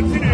What's in it?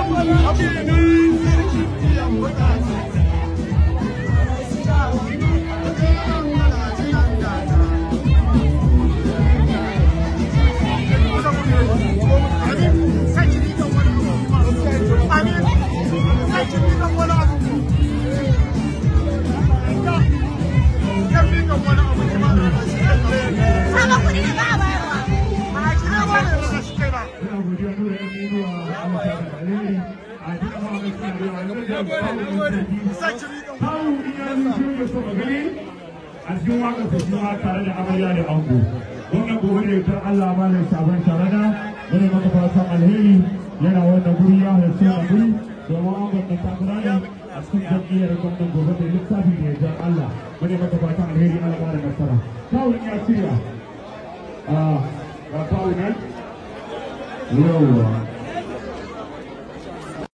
Abu Abu a cikin waka ta shi ma tare da amarya da ango wannan gobe da yakar Allah ma da sabon tarada wani maka fatan alheri yana wannan guri ya halarci a guri domin angon da ta kula ne a cikin jam'iyyar gwamnan gobe da littafi da yakar Allah wani maka fatan alheri Allah ba da nasara kawai 因为我。